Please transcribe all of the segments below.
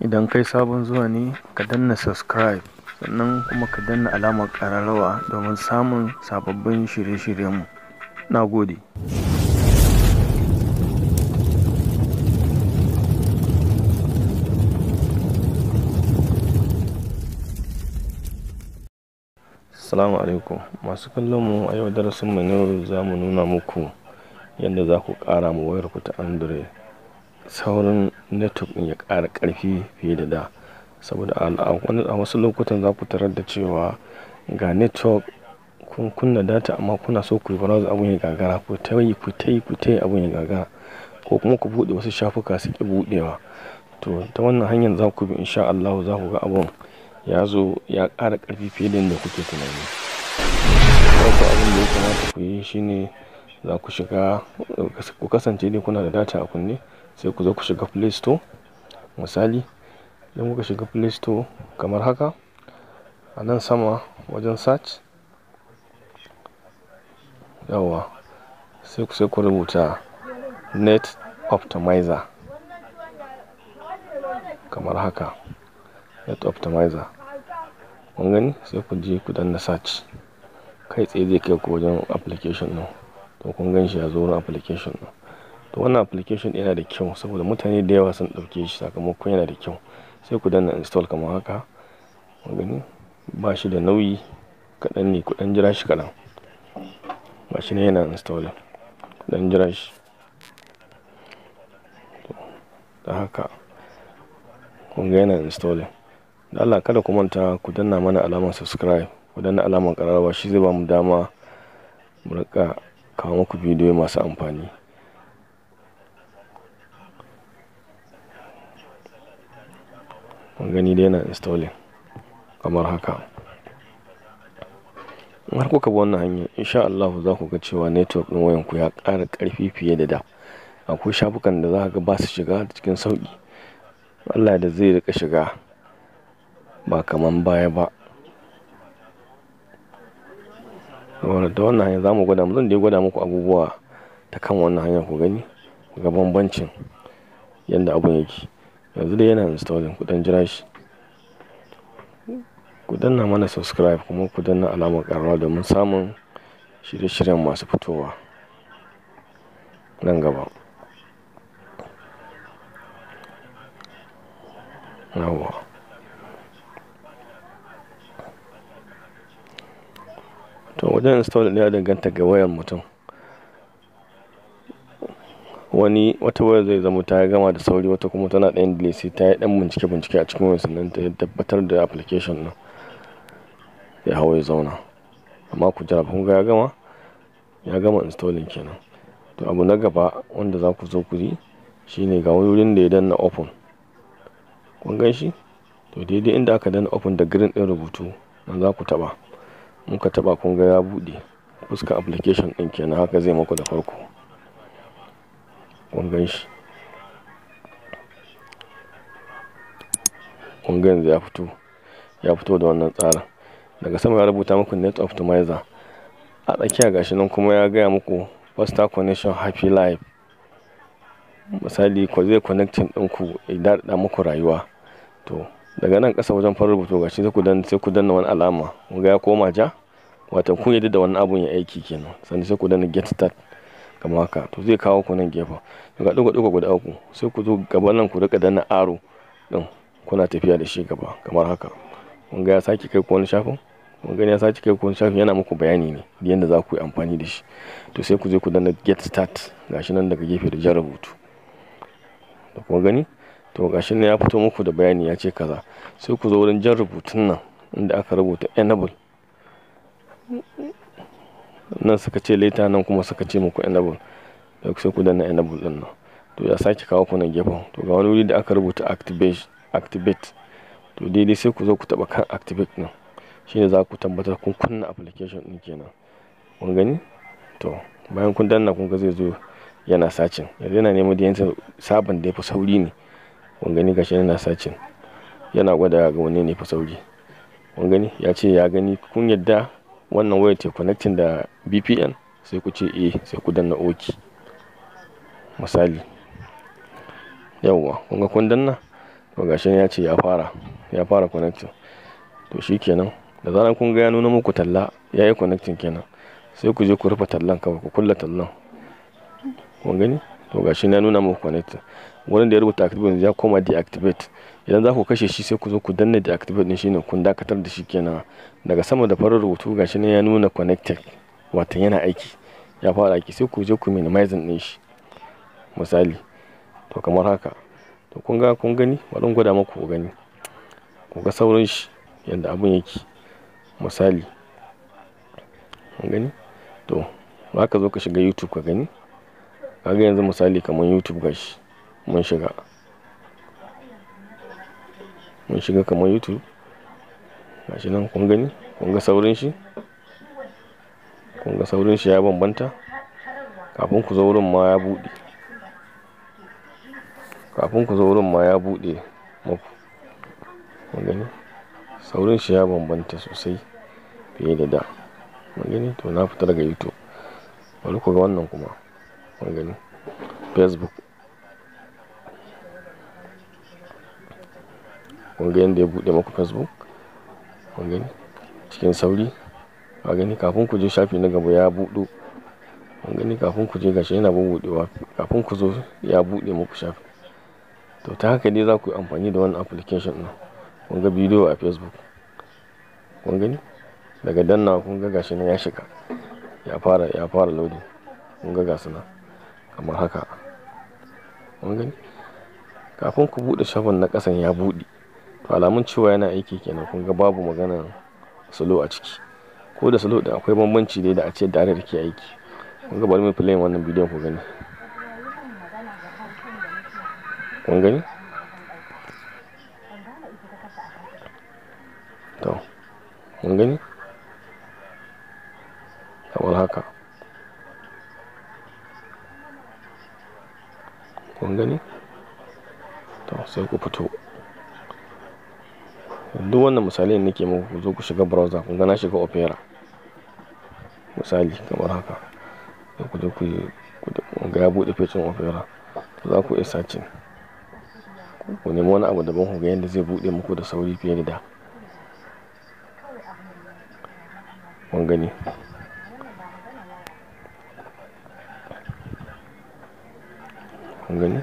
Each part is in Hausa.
Idan kai sabon zuwa ne, ka danna subscribe sannan kuma ka danna alamar ƙararrawa domin samun sababbin shirye-shiryenmu. Na gode. salamu alaikum masu kallon mu a yau darasin mai ne za mu nuna muku yadda za ku ƙara mu wayar ku ta Android saurin network ɗin ya ƙara ƙarfi fiye da da saboda a wasu lokutan za ku tarar da cewa ga network kun kunna data amma kuna so ku yi browse abun ya gagara ku ta yi ku ta yi ku ta yi abun ya gagara ko kuma ku buɗe wasu shafuka su ki buɗewa to ta wannan hanyar za ku bi insha Allah za ku ga abun ya zo ya ƙara ƙarfi fiye da yadda kuke tunani farko abin da ya kamata ku yi shine za ku shiga ku kasance dai kuna da data a kunne sai ku zo ku shiga Play Store misali idan kuka shiga Play Store kamar haka a nan sama wajen search yawa sai ku sai ku rubuta net optimizer kamar haka net optimizer kun gani sai ku je ku danna search kai tsaye zai kai ku wajen application ɗin to kun gan shi ya zo wurin application ɗin to wannan application yana da kyau saboda mutane da yawa sun dauke shi sakamakon yana da kyau sai ku danna install kamar haka gani ba shi da nauyi kaɗan ne ku ɗan jira shi kaɗan ba shi ne yana installing kuɗan jira shi da haka kun ga yana installing da Allah kada ku manta ku danna mana alamar subscribe ku danna alamar ƙararrawa shi zai ba mu dama mu rika kawo muku bidiyo masu amfani kun gani dai yana installing kamar haka har kuka bi wannan hanyar insha Allah za ku ga cewa network ɗin wayan ku ya ƙara ƙarfi fiye da da akwai shafukan da za ka ga ba su shiga cikin sauƙi Allah da zai rika shiga ba kaman baya ba da wannan hanyar za mu gwada mu zan ya gwada muku abubuwa ta kan wannan hanyar ku gani ga bambancin yadda abun yake yanzu da yana installing ku jira shi kudin na mana subscribe kuma kudin na alamar karuwa domin samun shirye-shiryen masu fitowa nan gaba to wajen installing ne ya danganta ga wayar mutum wani wata wayar zai zama ta gama da sauri wata kuma tana da delay sai ta yi ɗan bincike bincike a cikin wayar sannan ta tabbatar da application na ya hau ya zauna amma ku jira kun ga ya gama ya gama installing kenan to abu na gaba wanda za ku zo ku yi shine ga wurin da ya danna open kun gan shi to daidai inda aka danna open da green ɗin rubutu nan za ku taba in ka taɓa kun ga ya buɗe fuska application ɗin kenan haka zai maku da farko Kun shi. Kun yanzu ya fito, ya fito da wannan tsarin. Daga sama ya rubuta muku Net Optimizer. A tsakiya gashi nan kuma ya gaya muku Faster Connection Happy Life. Misali ko zai connecting ɗinku ya da muku rayuwa. To daga nan ƙasa wajen fara rubuto gashi sai ku danna sai ku danna wani alama. Kun ga ya koma ja? Wato kun yarda da wannan abun ya aiki kenan. Sannan sai ku danna Get Start. kamar haka to zai kawo ku nan gefen to ga duka guda uku sai ku zo gaban nan ku rika danna aro ɗin kuna tafiya da shi gaba kamar haka mun ga ya sake kai ku wani shafin ya sake kai ku wani shafin yana muku bayani ne yadda za ku yi amfani da shi to sai ku zo ku danna get start gashi nan daga gefe da jan rubutu da kuma gani to gashi nan ya fito muku da bayani ya ce kaza sai ku zo wurin jan rubutun nan inda aka rubuta enable nan suka ce leta nan kuma suka ce muku enable da sai ku danna enable din nan to ya sake kawo ku nan gefen to ga wani wuri da aka rubuta activate activate to daidai sai ku zo ku taba kan activate nan shine za ku tabbatar kun kunna application din kenan kun gani to bayan kun danna kun ga zai zo yana sacin yanzu yana neman da yanzu sabon da ya fi sauri ne kun gani gashi yana sacin yana gwada ga wani ne fi sauri kun gani ya ce ya gani kun yadda wannan waya ta connecting da VPN sai ku ce eh sai ku danna OK misali yawwa kun ga kun danna to gashi ya ce ya fara ya fara connecting to shikenan da zaran kun ga ya nuna muku talla ya yi connecting kenan sai ku je ku rufe tallan kawai ku kulla tallan kun gani to gashi ya nuna muku connecting wurin da ya rubuta activate ya koma deactivate idan za ku kashe shi sai ku zo ku danna deactivate din shine kun dakatar da shi kenan daga sama da farar rubutu gashi nan ya nuna connected wato yana aiki ya fara aiki sai ku je ku minimizing din shi misali to kamar haka to kun ga kun gani gwada muku ku gani ku ga sauran shi yadda abun yake misali kun gani to ba ka zo ka shiga youtube ka gani kaga yanzu misali kamar youtube gashi mun shiga mun shiga kamar youtube shi nan kun gani kun ga saurin shi kun ga saurin shi ya bambanta kafin ku zo wurin ma ya bude kafin ku zo wurin ma ya bude maku kun gani saurin shi ya bambanta sosai fiye da da kun gani to na fita daga youtube bari ku ga wannan kuma kun gani facebook kun ga ya buɗe maku facebook kun gani cikin sauri a gani kafin ku je shafi na gaba ya buɗo kun gani kafin ku je gashi yana buɗewa kafin ku zo ya buɗe maku shafi to ta haka dai za ku yi amfani da wannan application na kun ga bidiyo a facebook kun gani daga danna kun ga gashi na ya shiga ya fara ya fara loading kun ga gasu na kamar haka gani kafin ku buɗe shafin na kasan ya buɗe to alamun cewa yana aiki kenan kun ga babu magana salo a ciki ko da salo da akwai bambanci dai da a ce da da ke aiki kun ga bari mu play wannan bidiyon ku gani kun gani to kun gani kamar haka kun gani to sai ku fito duk wannan misali ne nake muku ku zo ku shiga browser kun ga na shiga opera misali kamar haka da ku ku ga buɗe fecin opera za ku iya sacin ku nemi wani abu daban ku ga yadda zai buɗe muku da sauri fiye da da kun gani kun gani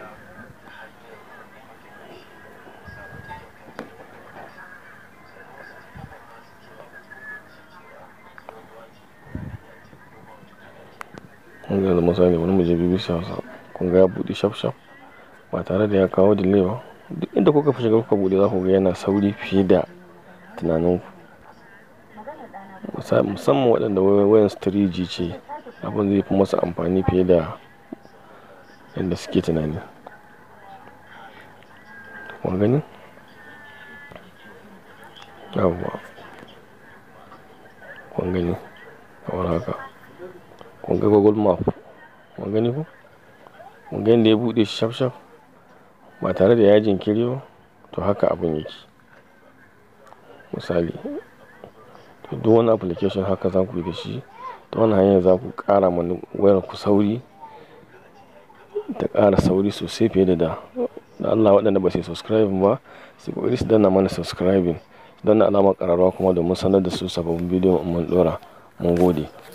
Muna da matsala ne wani mu je BBC Hausa. Kun ga ya buɗe shaf shaf ba tare da ya kawo delay ba. Duk inda kuka fashe ga kuka buɗe za ku ga yana sauri fiye da tunaninku. Musamman waɗanda wayan stiriji ce abin zai fi masa amfani fiye da yadda suke tunani. Kun gani? Yawwa. Kun gani? Kamar haka. kun ga google map kun gani ko kun gani da ya buɗe shi shaf ba tare da yajin kiriyo to haka abin yake misali duk wani application haka za ku yi da shi ta wani hanyar za ku kara mana wayar ku sauri ta ƙara sauri sosai fiye da da da Allah waɗanda ba su subscribe ba su kokari su danna mana subscribing don danna alamar ƙararrawa kuma domin sanar da su sababbin bidiyon mun ɗora mun gode